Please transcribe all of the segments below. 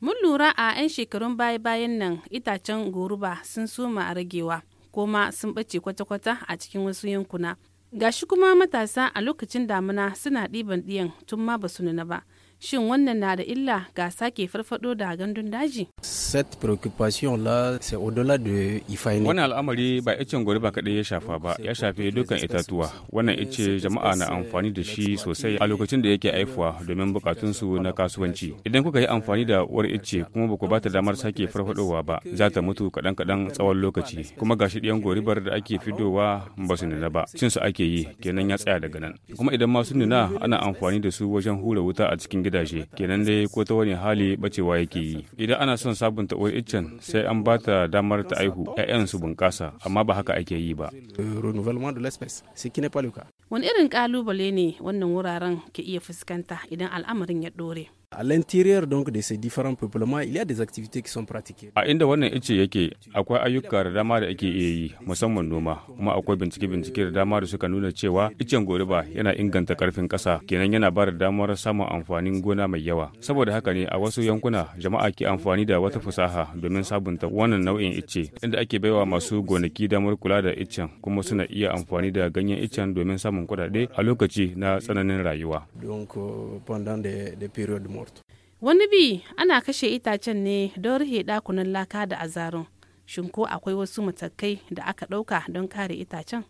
Mun lura a 'yan shekarun baya-bayan nan itacen goruba sun soma a ragewa, kuma sun ɓace kwata-kwata a cikin wasu yankuna. Gashi kuma matasa a lokacin damina suna ɗiban ɗiyan tun ma ba su nuna ba. shin wannan na da illa ga sake farfado da gandun daji? set preoccupation là c'est au-delà de Wannan al'amari ba icen gori ba kaɗai ya shafa ba, ya shafe dukkan itatuwa. Wannan ice jama'a na amfani da shi sosai a lokacin da yake aifuwa domin bukatunsu na kasuwanci. Idan kuka yi amfani da uwar ice kuma ba ku ba ta damar sake farfadowa ba, za ta mutu kaɗan kaɗan tsawon lokaci. Kuma gashi ɗiyan goribar da ake fidowa ba su nuna ba, cin ake yi kenan ya tsaya daga nan. Kuma idan ma sun nuna ana amfani da su wajen hura wuta a cikin gidaje kenan dai ko ta wani hali bacewa yake yi idan ana son sabunta uwar iccen sai an ba ta damar ta aihu 'ya'yan su bunƙasa amma ba haka ake yi ba wani irin ƙalubale ne wannan wuraren ke iya fuskanta idan al'amarin ya dore. À l'intérieur donc de ces différents peuplements, il y a des activités qui sont pratiquées. A inda wannan ice yake akwai ayyuka da dama da ake iya yi musamman noma kuma akwai bincike-bincike da dama da suka nuna cewa icen goriba yana inganta karfin kasa kenan yana ba da damar samun amfanin gona mai yawa. Saboda haka ne a wasu yankuna jama'a ke amfani da wata fasaha domin sabunta wannan nau'in ice inda ake baiwa masu gonaki damar kula da icen kuma suna iya amfani da ganyen icen domin samun kuɗaɗe a lokaci na tsananin rayuwa. donc pendant des, périodes mortes wani bi ana kashe itacen ne don rufe dakunan laka da azarun shin ko akwai wasu matakai da aka dauka don kare itacen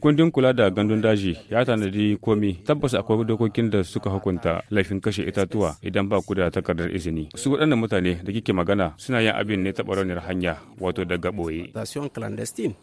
Kundin kula da gandun daji ya tanadi komi tabbas akwai dokokin da suka hukunta laifin kashe itatuwa idan ba ku da takardar izini. Su waɗannan mutane da kike magana suna yin abin ne taɓa raunin hanya wato daga ɓoye.